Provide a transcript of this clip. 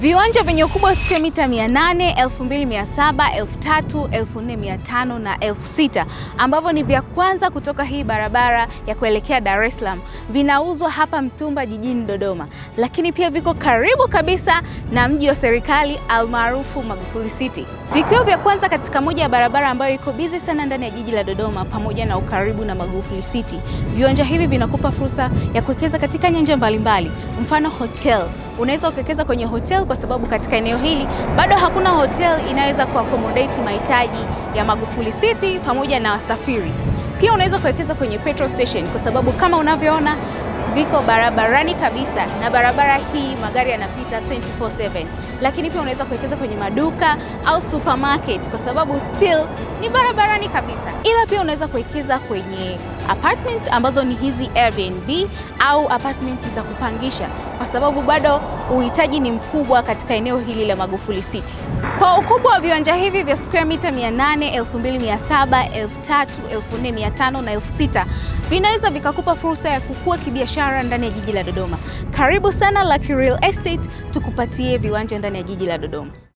Viwanja vyenye ukubwa wa mita 800, 2700, 3000, 4500 na 6000 ambavyo ni vya kwanza kutoka hii barabara ya kuelekea Dar es Salaam vinauzwa hapa Mtumba jijini Dodoma, lakini pia viko karibu kabisa na mji wa serikali almaarufu Magufuli City, vikiwa vya kwanza katika moja ya barabara ambayo iko bizi sana ndani ya jiji la Dodoma pamoja na ukaribu na Magufuli City. Viwanja hivi vinakupa fursa ya kuwekeza katika nyanja mbalimbali, mfano hotel unaweza ukawekeza kwenye hotel, kwa sababu katika eneo hili bado hakuna hotel inaweza kuaccommodate mahitaji ya Magufuli City pamoja na wasafiri. Pia unaweza kuwekeza kwenye petrol station, kwa sababu kama unavyoona viko barabarani kabisa, na barabara hii magari yanapita 24/7. Lakini pia unaweza kuwekeza kwenye maduka au supermarket, kwa sababu still ni barabarani kabisa, ila pia unaweza kuwekeza kwenye apartment ambazo ni hizi Airbnb au apartment za kupangisha, kwa sababu bado uhitaji ni mkubwa katika eneo hili la Magufuli City. Kwa ukubwa wa viwanja hivi vya square mita 800, 2700, 3000, 4500 na 6000 vinaweza vikakupa fursa ya kukua kibiashara ndani ya jiji la Dodoma. Karibu sana Lucky Real Estate tukupatie viwanja ndani ya jiji la Dodoma.